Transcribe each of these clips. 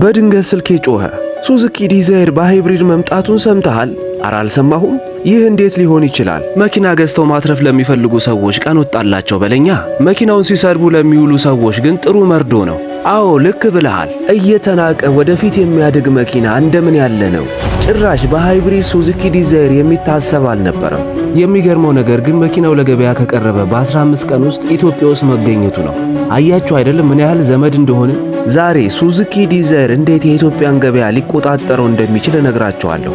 በድንገት ስልኬ ጮኸ። ሱዙኪ ዲዛይር በሃይብሪድ መምጣቱን ሰምተሃል? አረ አልሰማሁም። ይህ እንዴት ሊሆን ይችላል? መኪና ገዝተው ማትረፍ ለሚፈልጉ ሰዎች ቀን ወጣላቸው በለኛ። መኪናውን ሲሰድቡ ለሚውሉ ሰዎች ግን ጥሩ መርዶ ነው። አዎ ልክ ብለሃል። እየተናቀ ወደፊት የሚያድግ መኪና እንደምን ያለ ነው! ጭራሽ በሃይብሪድ ሱዙኪ ዲዛይር የሚታሰብ አልነበረም። የሚገርመው ነገር ግን መኪናው ለገበያ ከቀረበ በ15 ቀን ውስጥ ኢትዮጵያ ውስጥ መገኘቱ ነው። አያችሁ አይደለም ምን ያህል ዘመድ እንደሆንን። ዛሬ ሱዙኪ ዲዛየር እንዴት የኢትዮጵያን ገበያ ሊቆጣጠረው እንደሚችል እነግራቸዋለሁ።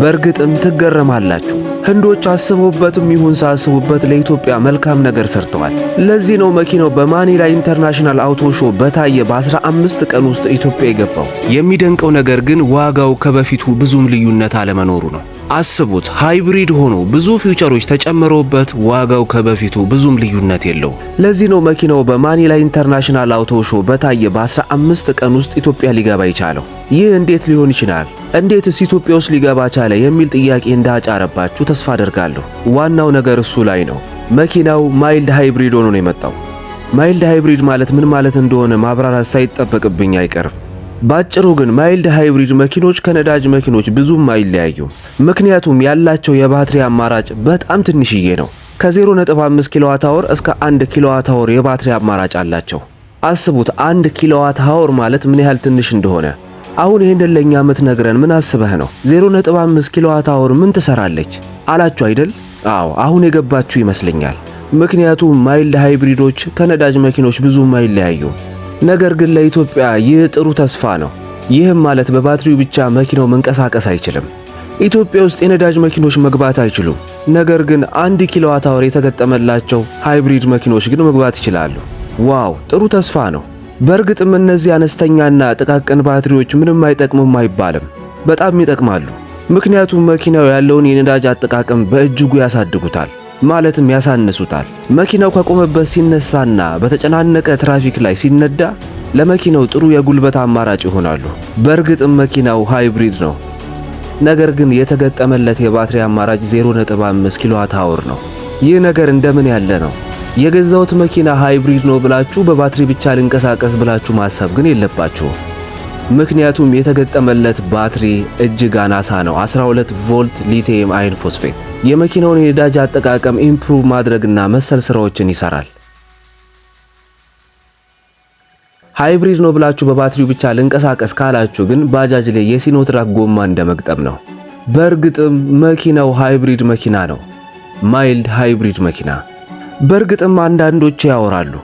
በእርግጥም ትገረማላችሁ። ህንዶች አስበውበትም ይሁን ሳስቡበት ለኢትዮጵያ መልካም ነገር ሰርተዋል። ለዚህ ነው መኪናው በማኒላ ኢንተርናሽናል አውቶ ሾው በታየ በ15 ቀን ውስጥ ኢትዮጵያ የገባው። የሚደንቀው ነገር ግን ዋጋው ከበፊቱ ብዙም ልዩነት አለመኖሩ ነው። አስቡት ሃይብሪድ ሆኖ ብዙ ፊውቸሮች ተጨምረውበት ዋጋው ከበፊቱ ብዙም ልዩነት የለው። ለዚህ ነው መኪናው በማኒላ ኢንተርናሽናል አውቶ ሾ በታየ በ15 ቀን ውስጥ ኢትዮጵያ ሊገባ የቻለው። ይህ እንዴት ሊሆን ይችላል? እንዴትስ ኢትዮጵያ ውስጥ ሊገባ ቻለ? የሚል ጥያቄ እንዳጫረባችሁ ተስፋ አደርጋለሁ። ዋናው ነገር እሱ ላይ ነው። መኪናው ማይልድ ሃይብሪድ ሆኖ ነው የመጣው። ማይልድ ሃይብሪድ ማለት ምን ማለት እንደሆነ ማብራራት ሳይጠበቅብኝ አይቀርም። ባጭሩ ግን ማይልድ ሃይብሪድ መኪኖች ከነዳጅ መኪኖች ብዙም አይለያዩም። ምክንያቱም ያላቸው የባትሪ አማራጭ በጣም ትንሽዬ ነው። ከ0.5 ኪሎዋት አወር እስከ 1 ኪሎዋት አወር የባትሪ አማራጭ አላቸው። አስቡት 1 ኪሎዋት አወር ማለት ምን ያህል ትንሽ እንደሆነ። አሁን ይህንን ለእኛ የምትነግረን ምን አስበህ ነው? 0.5 ኪሎዋት አወር ምን ትሰራለች አላችሁ አይደል? አዎ አሁን የገባችሁ ይመስለኛል። ምክንያቱም ማይልድ ሃይብሪዶች ከነዳጅ መኪኖች ብዙም አይለያዩም። ነገር ግን ለኢትዮጵያ ይህ ጥሩ ተስፋ ነው። ይህም ማለት በባትሪው ብቻ መኪናው መንቀሳቀስ አይችልም። ኢትዮጵያ ውስጥ የነዳጅ መኪኖች መግባት አይችሉም። ነገር ግን አንድ ኪሎዋት አወር የተገጠመላቸው ሃይብሪድ መኪኖች ግን መግባት ይችላሉ። ዋው ጥሩ ተስፋ ነው። በእርግጥም እነዚህ አነስተኛና ጥቃቅን ባትሪዎች ምንም አይጠቅሙም አይባልም። በጣም ይጠቅማሉ። ምክንያቱም መኪናው ያለውን የነዳጅ አጠቃቀም በእጅጉ ያሳድጉታል። ማለትም ያሳንሱታል። መኪናው ከቆመበት ሲነሳና በተጨናነቀ ትራፊክ ላይ ሲነዳ ለመኪናው ጥሩ የጉልበት አማራጭ ይሆናሉ። በእርግጥም መኪናው ሃይብሪድ ነው። ነገር ግን የተገጠመለት የባትሪ አማራጭ 0.5 ኪሎዋት አወር ነው። ይህ ነገር እንደምን ያለ ነው? የገዛሁት መኪና ሃይብሪድ ነው ብላችሁ በባትሪ ብቻ ልንቀሳቀስ ብላችሁ ማሰብ ግን የለባችሁም። ምክንያቱም የተገጠመለት ባትሪ እጅግ አናሳ ነው፣ 12 ቮልት ሊቲየም አይን ፎስፌት የመኪናውን የነዳጅ አጠቃቀም ኢምፕሩቭ ማድረግና መሰል ስራዎችን ይሰራል። ሃይብሪድ ነው ብላችሁ በባትሪው ብቻ ልንቀሳቀስ ካላችሁ ግን ባጃጅ ላይ የሲኖትራክ ጎማ እንደመግጠም ነው። በእርግጥም መኪናው ሃይብሪድ መኪና ነው፣ ማይልድ ሃይብሪድ መኪና። በእርግጥም አንዳንዶች ያወራሉ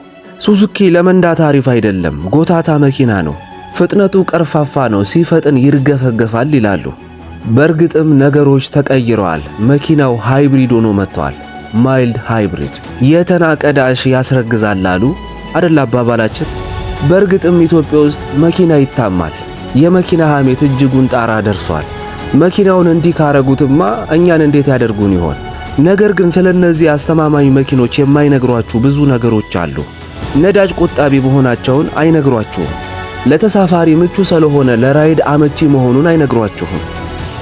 ሱዙኪ ለመንዳት አሪፍ አይደለም፣ ጎታታ መኪና ነው፣ ፍጥነቱ ቀርፋፋ ነው፣ ሲፈጥን ይርገፈገፋል ይላሉ። በእርግጥም ነገሮች ተቀይረዋል። መኪናው ሃይብሪድ ሆኖ መጥቷል። ማይልድ ሃይብሪድ የተናቀ ዳሽ ያስረግዛል አሉ አደል አባባላችን። በእርግጥም ኢትዮጵያ ውስጥ መኪና ይታማል። የመኪና ሐሜት እጅጉን ጣራ ደርሷል። መኪናውን እንዲህ ካረጉትማ እኛን እንዴት ያደርጉን ይሆን? ነገር ግን ስለ እነዚህ አስተማማኝ መኪኖች የማይነግሯችሁ ብዙ ነገሮች አሉ። ነዳጅ ቆጣቢ መሆናቸውን አይነግሯችሁም። ለተሳፋሪ ምቹ ስለሆነ ለራይድ አመቺ መሆኑን አይነግሯችሁም።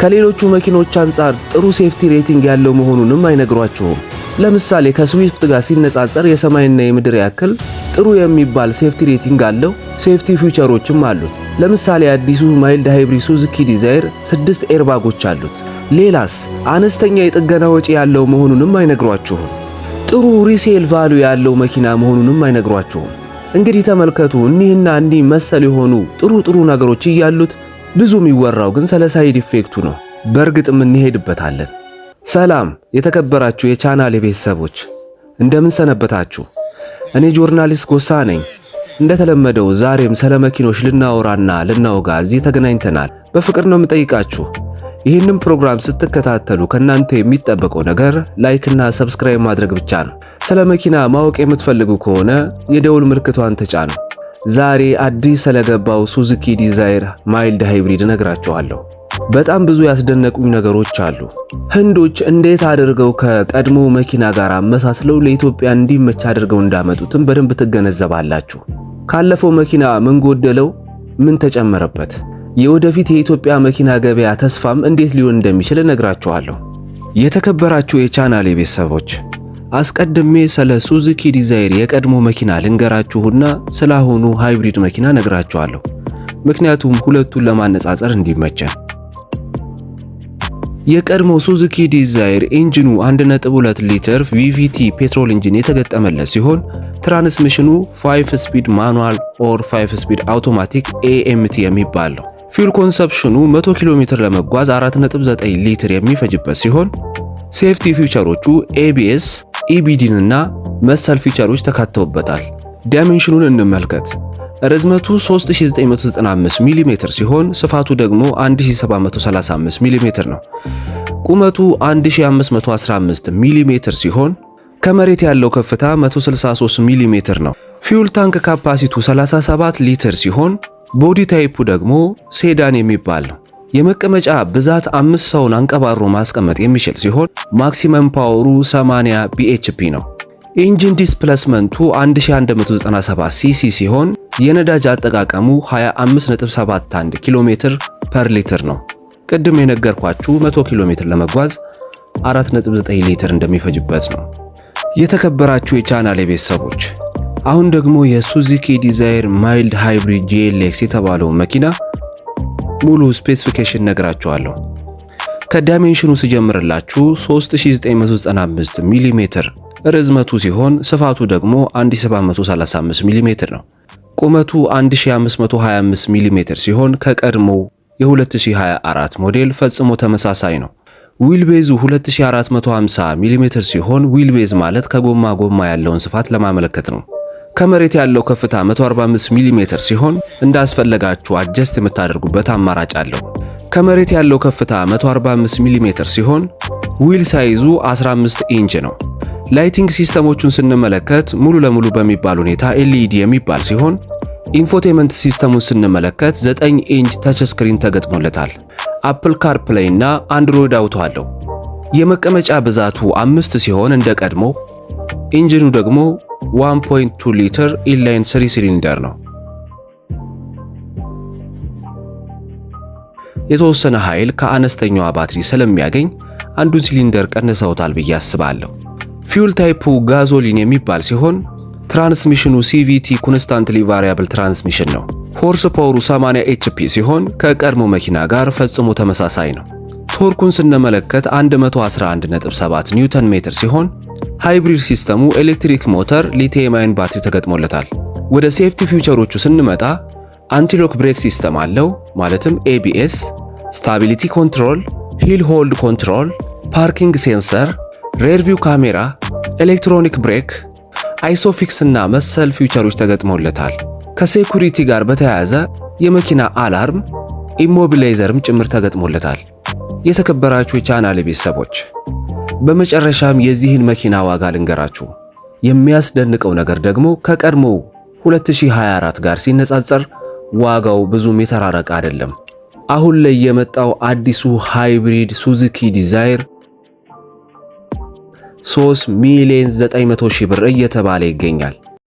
ከሌሎቹ መኪኖች አንጻር ጥሩ ሴፍቲ ሬቲንግ ያለው መሆኑንም አይነግሯቸውም። ለምሳሌ ከስዊፍት ጋር ሲነጻጸር የሰማይና የምድር ያክል ጥሩ የሚባል ሴፍቲ ሬቲንግ አለው። ሴፍቲ ፊውቸሮችም አሉት። ለምሳሌ አዲሱ ማይልድ ሃይብሪድ ሱዙኪ ዲዛይር ስድስት ኤርባጎች አሉት። ሌላስ አነስተኛ የጥገና ወጪ ያለው መሆኑንም አይነግሯችሁም። ጥሩ ሪሴል ቫሉ ያለው መኪና መሆኑንም አይነግሯችሁም። እንግዲህ ተመልከቱ እኒህና እንዲህ መሰል የሆኑ ጥሩ ጥሩ ነገሮች እያሉት ብዙ የሚወራው ግን ስለ ሳይድ ኢፌክቱ ነው። በእርግጥም እንሄድበታለን። ሰላም የተከበራችሁ የቻናል ቤተሰቦች እንደምን ሰነበታችሁ? እኔ ጆርናሊስት ጎሳ ነኝ። እንደተለመደው ዛሬም ስለ መኪኖች ልናወራና ልናወጋ እዚህ ተገናኝተናል። በፍቅር ነው የምጠይቃችሁ። ይህንን ፕሮግራም ስትከታተሉ ከእናንተ የሚጠበቀው ነገር ላይክና ሰብስክራይብ ማድረግ ብቻ ነው። ስለ መኪና ማወቅ የምትፈልጉ ከሆነ የደውል ምልክቷን ተጫኑ። ዛሬ አዲስ ስለገባው ሱዙኪ ዲዛይር ማይልድ ሃይብሪድ ነግራቸዋለሁ። በጣም ብዙ ያስደነቁኝ ነገሮች አሉ። ህንዶች እንዴት አድርገው ከቀድሞ መኪና ጋር አመሳስለው ለኢትዮጵያ እንዲመች አድርገው እንዳመጡትም በደንብ ትገነዘባላችሁ። ካለፈው መኪና ምን ጎደለው? ምን ተጨመረበት? የወደፊት የኢትዮጵያ መኪና ገበያ ተስፋም እንዴት ሊሆን እንደሚችል እነግራችኋለሁ። የተከበራችሁ የቻናሌ ቤተሰቦች አስቀድሜ ስለ ሱዙኪ ዲዛይር የቀድሞ መኪና ልንገራችሁና ስለ ሃይብሪድ መኪና ነግራችኋለሁ። ምክንያቱም ሁለቱን ለማነጻጸር እንዲመቸን። የቀድሞ ሱዙኪ ዲዛይር ኢንጂኑ 1.2 ሊትር ቪቪቲ ፔትሮል ኢንጂን የተገጠመለት ሲሆን ትራንስሚሽኑ 5 ስፒድ ማኑዋል ኦር 5 ስፒድ አውቶማቲክ ኤኤምቲ የሚባል ነው። ፊውል ኮንሰፕሽኑ 100 ኪሎ ሜትር ለመጓዝ 4.9 ሊትር የሚፈጅበት ሲሆን ሴፍቲ ፊውቸሮቹ ኤቢኤስ ኢቢዲን እና መሰል ፊቸሮች ተካተውበታል። ዳይሜንሽኑን እንመልከት። ርዝመቱ 3995 ሚሜ ሲሆን ስፋቱ ደግሞ 1735 ሚሜ ነው። ቁመቱ 1515 ሚሜ ሲሆን ከመሬት ያለው ከፍታ 163 ሚሜ ነው። ፊውል ታንክ ካፓሲቱ 37 ሊትር ሲሆን ቦዲ ታይፑ ደግሞ ሴዳን የሚባል ነው። የመቀመጫ ብዛት አምስት ሰውን አንቀባሮ ማስቀመጥ የሚችል ሲሆን ማክሲመም ፓወሩ 80 ቢኤችፒ ነው። ኢንጂን ዲስፕሌስመንቱ 1197 ሲሲ ሲሆን የነዳጅ አጠቃቀሙ 25.71 ኪሎ ሜትር ፐር ሊትር ነው። ቅድም የነገርኳችሁ 100 ኪሎ ሜትር ለመጓዝ 4.9 ሊትር እንደሚፈጅበት ነው። የተከበራችሁ የቻናሌ ቤተሰቦች አሁን ደግሞ የሱዚኪ ዲዛይር ማይልድ ሃይብሪድ ጂኤልኤክስ የተባለውን መኪና ሙሉ ስፔሲፊኬሽን ነግራችኋለሁ። ከዳይሜንሽኑ ስጀምርላችሁ 3995 ሚሜ ርዝመቱ ሲሆን ስፋቱ ደግሞ 1735 ሚሜ ነው። ቁመቱ 1525 ሚሜ ሲሆን ከቀድሞው የ2024 ሞዴል ፈጽሞ ተመሳሳይ ነው። ዊልቤዙ 2450 ሚሜ ሲሆን ዊልቤዝ ማለት ከጎማ ጎማ ያለውን ስፋት ለማመለከት ነው። ከመሬት ያለው ከፍታ 145 ሚሜ ሲሆን እንዳስፈለጋችሁ አጀስት የምታደርጉበት አማራጭ አለው። ከመሬት ያለው ከፍታ 145 ሚሜ ሲሆን ዊል ሳይዙ 15 ኢንች ነው። ላይቲንግ ሲስተሞቹን ስንመለከት ሙሉ ለሙሉ በሚባል ሁኔታ ኤልኢዲ የሚባል ሲሆን ኢንፎቴመንት ሲስተሙን ስንመለከት 9 ኢንች ተች ስክሪን ተገጥሞለታል። አፕል ካርፕሌይ እና አንድሮይድ አውቶ አለው። የመቀመጫ ብዛቱ አምስት ሲሆን እንደ ቀድሞ ኢንጂኑ ደግሞ 1.2 ሊትር ኢንላይን ስሪ ሲሊንደር ነው። የተወሰነ ኃይል ከአነስተኛዋ ባትሪ ስለሚያገኝ አንዱን ሲሊንደር ቀንሰውታል ብዬ አስባለሁ። ፊውል ታይፑ ጋዞሊን የሚባል ሲሆን ትራንስሚሽኑ ሲቪቲ ኮንስታንትሊ ቫሪያብል ትራንስሚሽን ነው። ሆርስ ፓወሩ 80 ኤችፒ ሲሆን ከቀድሞ መኪና ጋር ፈጽሞ ተመሳሳይ ነው። ቶርኩን ስንመለከት 111.7 ኒውተን ሜትር ሲሆን ሃይብሪድ ሲስተሙ ኤሌክትሪክ ሞተር፣ ሊቲየም አዮን ባትሪ ተገጥሞለታል። ወደ ሴፍቲ ፊውቸሮቹ ስንመጣ አንቲሎክ ብሬክ ሲስተም አለው ማለትም ኤቢኤስ፣ ስታቢሊቲ ኮንትሮል፣ ሂል ሆልድ ኮንትሮል፣ ፓርኪንግ ሴንሰር፣ ሬርቪው ካሜራ፣ ኤሌክትሮኒክ ብሬክ፣ አይሶፊክስ እና መሰል ፊውቸሮች ተገጥሞለታል። ከሴኩሪቲ ጋር በተያያዘ የመኪና አላርም ኢሞቢላይዘርም ጭምር ተገጥሞለታል። የተከበራችሁ የቻናሌ ቤተሰቦች በመጨረሻም የዚህን መኪና ዋጋ ልንገራችሁ። የሚያስደንቀው ነገር ደግሞ ከቀድሞ 2024 ጋር ሲነጻጸር ዋጋው ብዙም የተራረቀ አይደለም። አሁን ላይ የመጣው አዲሱ ሃይብሪድ ሱዙኪ ዲዛይር 3 ሚሊዮን 900 ሺህ ብር እየተባለ ይገኛል።